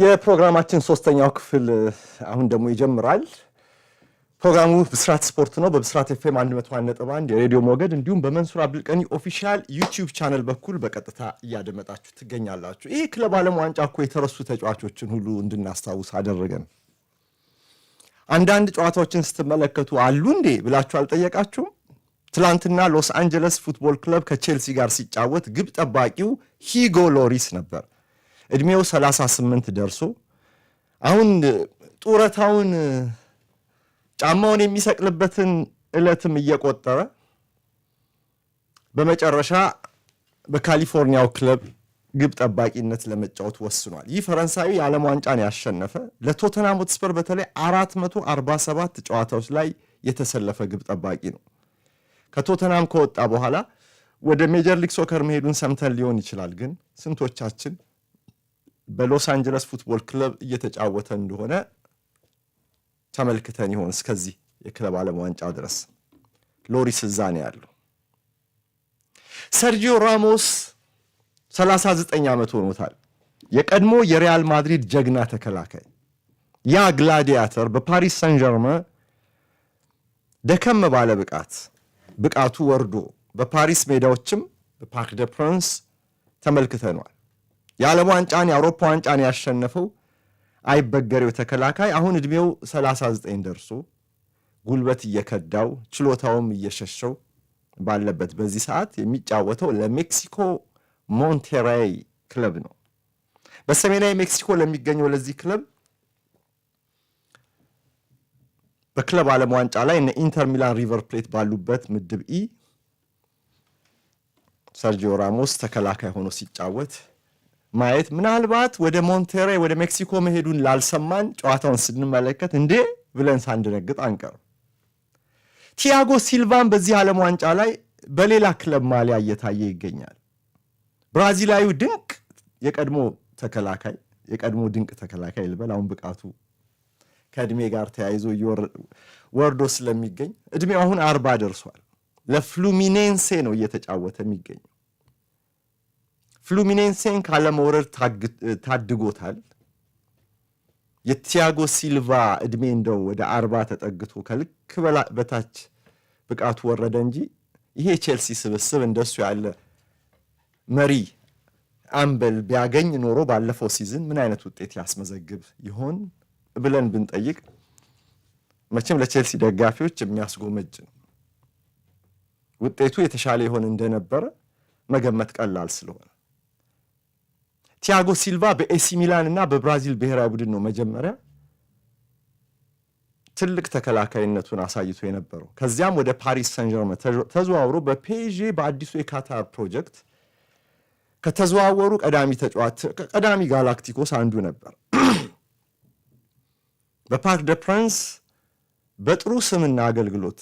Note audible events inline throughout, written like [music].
የፕሮግራማችን ሶስተኛው ክፍል አሁን ደግሞ ይጀምራል። ፕሮግራሙ ብስራት ስፖርት ነው። በብስራት ኤፍኤም ኤም የሬዲዮ ሞገድ እንዲሁም በመንሱር አብዱልቀኒ ኦፊሻል ዩቲዩብ ቻነል በኩል በቀጥታ እያደመጣችሁ ትገኛላችሁ። ይህ ክለብ ዓለም ዋንጫ እኮ የተረሱ ተጫዋቾችን ሁሉ እንድናስታውስ አደረገን። አንዳንድ ጨዋታዎችን ስትመለከቱ አሉ እንዴ ብላችሁ አልጠየቃችሁም? ትላንትና ሎስ አንጀለስ ፉትቦል ክለብ ከቼልሲ ጋር ሲጫወት ግብ ጠባቂው ሂጎ ሎሪስ ነበር። እድሜው 38 ደርሶ አሁን ጡረታውን ጫማውን የሚሰቅልበትን ዕለትም እየቆጠረ በመጨረሻ በካሊፎርኒያው ክለብ ግብ ጠባቂነት ለመጫወት ወስኗል። ይህ ፈረንሳዊ የዓለም ዋንጫን ያሸነፈ ለቶተናም ሆትስፐር በተለይ 447 ጨዋታዎች ላይ የተሰለፈ ግብ ጠባቂ ነው። ከቶተናም ከወጣ በኋላ ወደ ሜጀር ሊግ ሶከር መሄዱን ሰምተን ሊሆን ይችላል። ግን ስንቶቻችን በሎስ አንጀለስ ፉትቦል ክለብ እየተጫወተ እንደሆነ ተመልክተን ይሆን እስከዚህ የክለብ ዓለም ዋንጫ ድረስ ሎሪስ እዛ ነው ያለው። ሰርጂዮ ራሞስ 39 ዓመት ሆኖታል። የቀድሞ የሪያል ማድሪድ ጀግና ተከላካይ ያ ግላዲያተር በፓሪስ ሳን ጀርመ ደከም ባለ ብቃት ብቃቱ ወርዶ በፓሪስ ሜዳዎችም በፓርክ ደ ፕራንስ ተመልክተኗል። የዓለም ዋንጫን የአውሮፓ ዋንጫን ያሸነፈው አይበገሬው ተከላካይ አሁን እድሜው 39 ደርሶ ጉልበት እየከዳው ችሎታውም እየሸሸው ባለበት በዚህ ሰዓት የሚጫወተው ለሜክሲኮ ሞንቴራይ ክለብ ነው። በሰሜናዊ ሜክሲኮ ለሚገኘው ለዚህ ክለብ በክለብ ዓለም ዋንጫ ላይ እነ ኢንተር ሚላን፣ ሪቨር ፕሌት ባሉበት ምድብ ኢ ሰርጂዮ ራሞስ ተከላካይ ሆኖ ሲጫወት ማየት ምናልባት ወደ ሞንቴሬ ወደ ሜክሲኮ መሄዱን ላልሰማን ጨዋታውን ስንመለከት እንዴ ብለን ሳንደነግጥ አንቀርም። ቲያጎ ሲልቫን በዚህ ዓለም ዋንጫ ላይ በሌላ ክለብ ማሊያ እየታየ ይገኛል። ብራዚላዊ ድንቅ የቀድሞ ተከላካይ የቀድሞ ድንቅ ተከላካይ ልበል። አሁን ብቃቱ ከእድሜ ጋር ተያይዞ ወርዶ ስለሚገኝ እድሜው አሁን አርባ ደርሷል። ለፍሉሚኔንሴ ነው እየተጫወተ የሚገኘው። ፍሉሚኔንሴን ካለመውረድ ታድጎታል። የቲያጎ ሲልቫ እድሜ እንደው ወደ አርባ ተጠግቶ ከልክ በታች ብቃቱ ወረደ እንጂ ይሄ የቼልሲ ስብስብ እንደሱ ያለ መሪ አምበል ቢያገኝ ኖሮ ባለፈው ሲዝን ምን አይነት ውጤት ያስመዘግብ ይሆን ብለን ብንጠይቅ መቼም ለቼልሲ ደጋፊዎች የሚያስጎመጅ ነው። ውጤቱ የተሻለ ይሆን እንደነበረ መገመት ቀላል ስለሆነ ቲያጎ ሲልቫ በኤሲ ሚላን እና በብራዚል ብሔራዊ ቡድን ነው መጀመሪያ ትልቅ ተከላካይነቱን አሳይቶ የነበረው። ከዚያም ወደ ፓሪስ ሰንጀርመ ተዘዋውሮ በፔዤ በአዲሱ የካታር ፕሮጀክት ከተዘዋወሩ ቀዳሚ ተጫዋች ቀዳሚ ጋላክቲኮስ አንዱ ነበር። [clears throat] በፓርክ ደ ፕራንስ በጥሩ ስምና አገልግሎት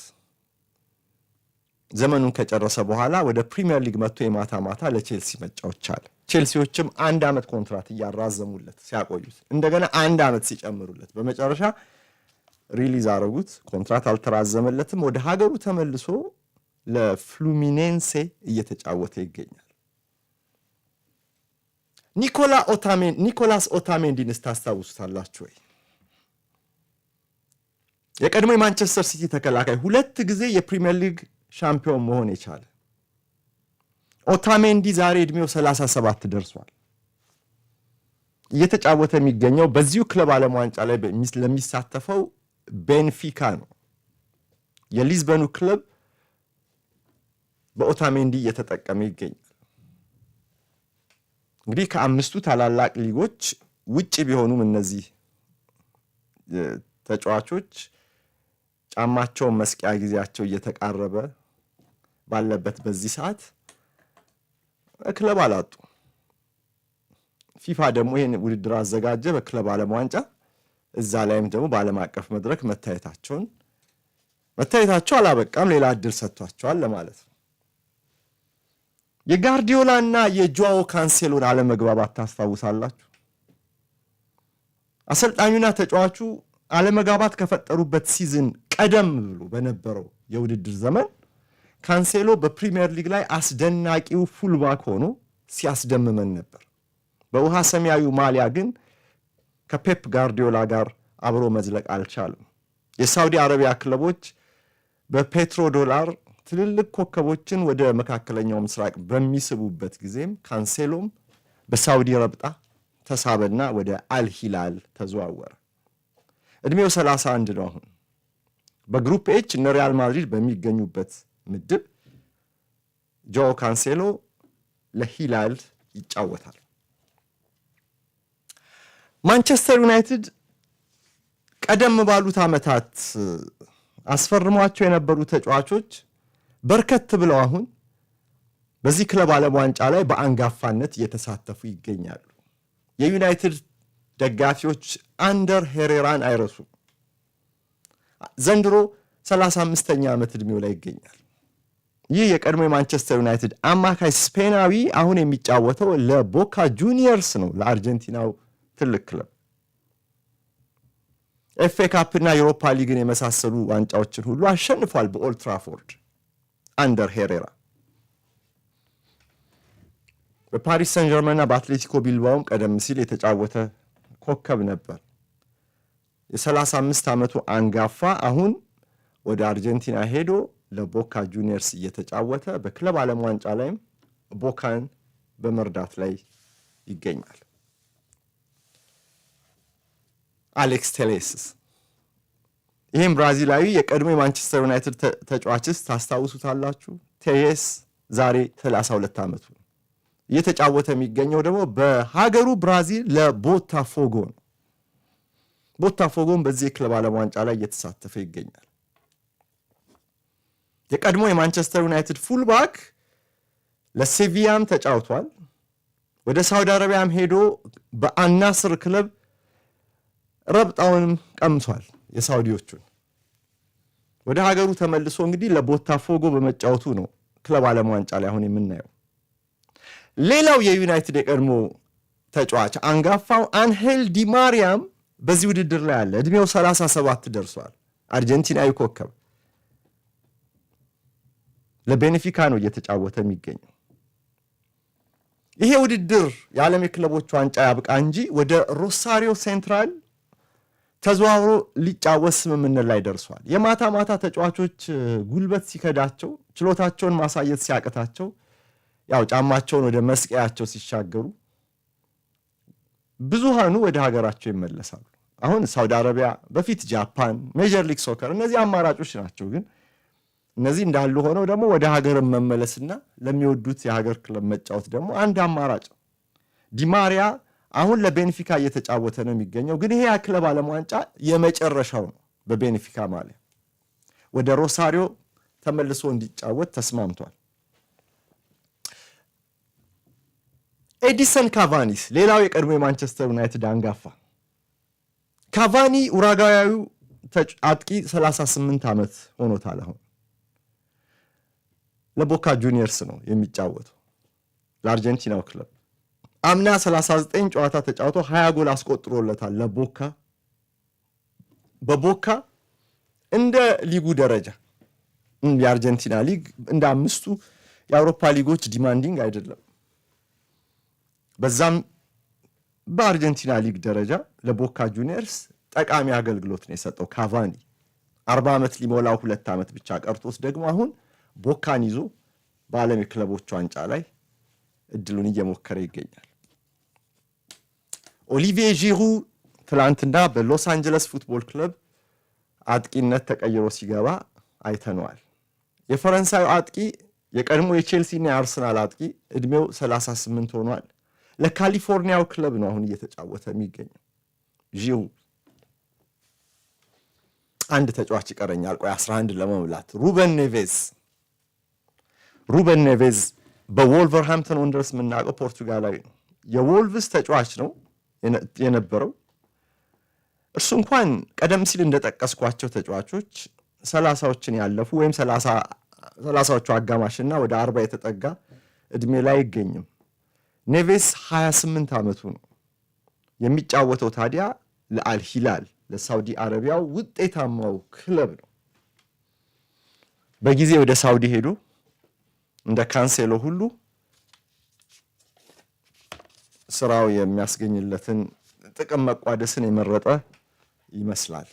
ዘመኑን ከጨረሰ በኋላ ወደ ፕሪምየር ሊግ መጥቶ የማታ ማታ ለቼልሲ መጫወት ቻለ። ቼልሲዎችም አንድ ዓመት ኮንትራት እያራዘሙለት ሲያቆዩት እንደገና አንድ ዓመት ሲጨምሩለት በመጨረሻ ሪሊዝ አረጉት። ኮንትራት አልተራዘመለትም። ወደ ሀገሩ ተመልሶ ለፍሉሚኔንሴ እየተጫወተ ይገኛል። ኒኮላስ ኦታሜንዲን ታስታውሱታላችሁ ወይ? የቀድሞ የማንቸስተር ሲቲ ተከላካይ ሁለት ጊዜ የፕሪምየር ሊግ ሻምፒዮን መሆን የቻለ ኦታሜንዲ ዛሬ እድሜው 37 ደርሷል። እየተጫወተ የሚገኘው በዚሁ ክለብ ዓለም ዋንጫ ላይ ለሚሳተፈው ቤንፊካ ነው። የሊዝበኑ ክለብ በኦታሜንዲ እየተጠቀመ ይገኛል። እንግዲህ ከአምስቱ ታላላቅ ሊጎች ውጭ ቢሆኑም እነዚህ ተጫዋቾች ጫማቸውን መስቂያ ጊዜያቸው እየተቃረበ ባለበት በዚህ ሰዓት ክለብ አላጡ። ፊፋ ደግሞ ይህን ውድድር አዘጋጀ በክለብ ዓለም ዋንጫ። እዛ ላይም ደግሞ በዓለም አቀፍ መድረክ መታየታቸውን መታየታቸው አላበቃም፣ ሌላ እድል ሰጥቷቸዋል ለማለት ነው። የጋርዲዮላ እና የጆዋዎ ካንሴሎን አለመግባባት ታስታውሳላችሁ። አሰልጣኙና ተጫዋቹ አለመግባባት ከፈጠሩበት ሲዝን ቀደም ብሎ በነበረው የውድድር ዘመን ካንሴሎ በፕሪሚየር ሊግ ላይ አስደናቂው ፉልባክ ሆኖ ሲያስደምመን ነበር። በውሃ ሰማያዊ ማሊያ ግን ከፔፕ ጋርዲዮላ ጋር አብሮ መዝለቅ አልቻለም። የሳውዲ አረቢያ ክለቦች በፔትሮ ዶላር ትልልቅ ኮከቦችን ወደ መካከለኛው ምስራቅ በሚስቡበት ጊዜም ካንሴሎም በሳውዲ ረብጣ ተሳበና ወደ አልሂላል ተዘዋወረ። ዕድሜው 31 ነው። አሁን በግሩፕ ኤች እነ ሪያል ማድሪድ በሚገኙበት ምድብ ጆኦ ካንሴሎ ለሂላል ይጫወታል። ማንቸስተር ዩናይትድ ቀደም ባሉት ዓመታት አስፈርሟቸው የነበሩ ተጫዋቾች በርከት ብለው አሁን በዚህ ክለብ ዓለም ዋንጫ ላይ በአንጋፋነት እየተሳተፉ ይገኛሉ። የዩናይትድ ደጋፊዎች አንደር ሄሬራን አይረሱም። ዘንድሮ 35ኛ ዓመት ዕድሜው ላይ ይገኛል። ይህ የቀድሞ የማንቸስተር ዩናይትድ አማካይ ስፔናዊ አሁን የሚጫወተው ለቦካ ጁኒየርስ ነው፣ ለአርጀንቲናው ትልቅ ክለብ። ኤፍ ኤ ካፕና ዩሮፓ ሊግን የመሳሰሉ ዋንጫዎችን ሁሉ አሸንፏል በኦልትራፎርድ አንደር ሄሬራ። በፓሪስ ሰን ጀርመንና በአትሌቲኮ ቢልባውም ቀደም ሲል የተጫወተ ኮከብ ነበር። የ35 ዓመቱ አንጋፋ አሁን ወደ አርጀንቲና ሄዶ ለቦካ ጁኒየርስ እየተጫወተ በክለብ ዓለም ዋንጫ ላይም ቦካን በመርዳት ላይ ይገኛል። አሌክስ ቴሌስስ ይህም ብራዚላዊ የቀድሞ የማንቸስተር ዩናይትድ ተጫዋችስ ታስታውሱታላችሁ። ቴሌስ ዛሬ 32 ዓመቱ ነው። እየተጫወተ የሚገኘው ደግሞ በሀገሩ ብራዚል ለቦታፎጎ ነው። ቦታፎጎን በዚህ የክለብ ዓለም ዋንጫ ላይ እየተሳተፈ ይገኛል። የቀድሞ የማንቸስተር ዩናይትድ ፉልባክ ለሴቪያም ተጫውቷል። ወደ ሳውዲ አረቢያም ሄዶ በአናስር ክለብ ረብጣውንም ቀምሷል የሳውዲዎቹን። ወደ ሀገሩ ተመልሶ እንግዲህ ለቦታፎጎ በመጫወቱ ነው ክለብ ዓለም ዋንጫ ላይ አሁን የምናየው። ሌላው የዩናይትድ የቀድሞ ተጫዋች አንጋፋው አንሄል ዲማሪያም በዚህ ውድድር ላይ አለ። እድሜው 37 ደርሷል። አርጀንቲናዊ ኮከብ ለቤኔፊካ ነው እየተጫወተ የሚገኘው። ይሄ ውድድር የዓለም የክለቦች ዋንጫ ያብቃ እንጂ ወደ ሮሳሪዮ ሴንትራል ተዘዋውሮ ሊጫወት ስምምነት ላይ ደርሷል። የማታ ማታ ተጫዋቾች ጉልበት ሲከዳቸው፣ ችሎታቸውን ማሳየት ሲያቅታቸው፣ ያው ጫማቸውን ወደ መስቀያቸው ሲሻገሩ ብዙሃኑ ወደ ሀገራቸው ይመለሳሉ። አሁን ሳውዲ አረቢያ፣ በፊት ጃፓን፣ ሜጀር ሊግ ሶከር እነዚህ አማራጮች ናቸው ግን እነዚህ እንዳሉ ሆነው ደግሞ ወደ ሀገር መመለስና ለሚወዱት የሀገር ክለብ መጫወት ደግሞ አንድ አማራጭ ነው። ዲማሪያ አሁን ለቤንፊካ እየተጫወተ ነው የሚገኘው፣ ግን ይሄ የክለብ ዓለም ዋንጫ የመጨረሻው ነው በቤንፊካ ማለት። ወደ ሮሳሪዮ ተመልሶ እንዲጫወት ተስማምቷል። ኤዲሰን ካቫኒስ ሌላው የቀድሞ የማንቸስተር ዩናይትድ አንጋፋ ካቫኒ፣ ኡራጋዊው አጥቂ 38 ዓመት ሆኖታል አሁን ለቦካ ጁኒየርስ ነው የሚጫወተው ለአርጀንቲናው ክለብ አምና 39 ጨዋታ ተጫውቶ 20 ጎል አስቆጥሮለታል ለቦካ በቦካ እንደ ሊጉ ደረጃ የአርጀንቲና ሊግ እንደ አምስቱ የአውሮፓ ሊጎች ዲማንዲንግ አይደለም በዛም በአርጀንቲና ሊግ ደረጃ ለቦካ ጁኒየርስ ጠቃሚ አገልግሎት ነው የሰጠው ካቫኒ አርባ ዓመት ሊሞላው ሁለት ዓመት ብቻ ቀርቶት ደግሞ አሁን ቦካን ይዞ በዓለም የክለቦች ዋንጫ ላይ እድሉን እየሞከረ ይገኛል። ኦሊቬ ዢሩ ትላንትና በሎስ አንጀለስ ፉትቦል ክለብ አጥቂነት ተቀይሮ ሲገባ አይተነዋል። የፈረንሳዩ አጥቂ የቀድሞ የቼልሲና የአርሰናል አጥቂ እድሜው 38 ሆኗል። ለካሊፎርኒያው ክለብ ነው አሁን እየተጫወተ የሚገኘው። ዢሩ አንድ ተጫዋች ይቀረኛል፣ ቆይ 11 ለመብላት ሩበን ኔቬዝ ሩበን ኔቬዝ በዎልቨርሃምፕተን ወንደርስ የምናውቀው ፖርቱጋላዊ ነው። የወልቭስ ተጫዋች ነው የነበረው። እርሱ እንኳን ቀደም ሲል እንደጠቀስኳቸው ተጫዋቾች ሰላሳዎችን ያለፉ ወይም ሰላሳዎቹ አጋማሽና ወደ አርባ የተጠጋ እድሜ ላይ አይገኝም። ኔቬስ 28 ዓመቱ ነው። የሚጫወተው ታዲያ ለአልሂላል ለሳውዲ አረቢያው ውጤታማው ክለብ ነው። በጊዜ ወደ ሳውዲ ሄዶ እንደ ካንሴሎ ሁሉ ስራው የሚያስገኝለትን ጥቅም መቋደስን የመረጠ ይመስላል።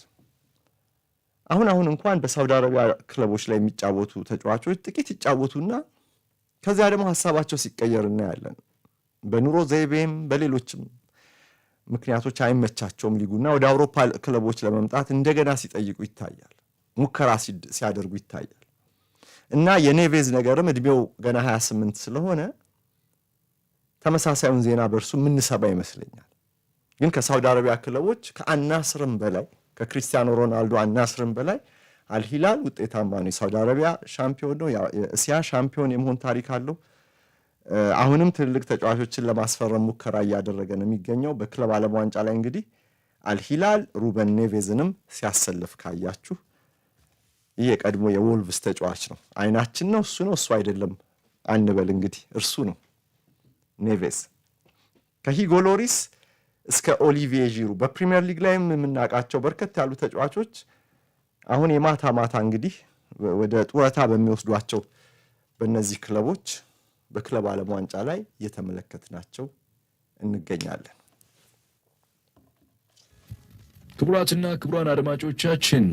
አሁን አሁን እንኳን በሳውዲ አረቢያ ክለቦች ላይ የሚጫወቱ ተጫዋቾች ጥቂት ይጫወቱና ከዚያ ደግሞ ሀሳባቸው ሲቀየር እናያለን። በኑሮ ዘይቤም በሌሎችም ምክንያቶች አይመቻቸውም ሊጉና ወደ አውሮፓ ክለቦች ለመምጣት እንደገና ሲጠይቁ ይታያል። ሙከራ ሲያደርጉ ይታያል። እና የኔቬዝ ነገርም እድሜው ገና 28 ስለሆነ ተመሳሳዩን ዜና በእርሱ የምንሰማ ይመስለኛል። ግን ከሳውዲ አረቢያ ክለቦች ከአናስርም በላይ ከክሪስቲያኖ ሮናልዶ አናስርም በላይ አልሂላል ውጤታማ ነው። የሳውዲ አረቢያ ሻምፒዮን ነው። እስያ ሻምፒዮን የመሆን ታሪክ አለው። አሁንም ትልልቅ ተጫዋቾችን ለማስፈረም ሙከራ እያደረገ ነው የሚገኘው። በክለብ ዓለም ዋንጫ ላይ እንግዲህ አልሂላል ሩበን ኔቬዝንም ሲያሰልፍ ካያችሁ ይህ የቀድሞ የወልቭስ ተጫዋች ነው። አይናችን ነው እሱ ነው እሱ አይደለም አንበል እንግዲህ እርሱ ነው ኔቬስ። ከሂጎ ሎሪስ እስከ ኦሊቪዬ ዢሩ በፕሪሚየር ሊግ ላይም የምናውቃቸው በርከት ያሉ ተጫዋቾች አሁን የማታ ማታ እንግዲህ ወደ ጡረታ በሚወስዷቸው በእነዚህ ክለቦች በክለብ ዓለም ዋንጫ ላይ እየተመለከትናቸው እንገኛለን። ክቡራትና ክቡራን አድማጮቻችን